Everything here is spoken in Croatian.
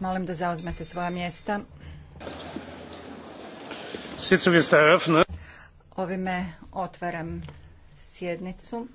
molim da zauzmete svoja mjesta. Ovime otvaram sjednicu.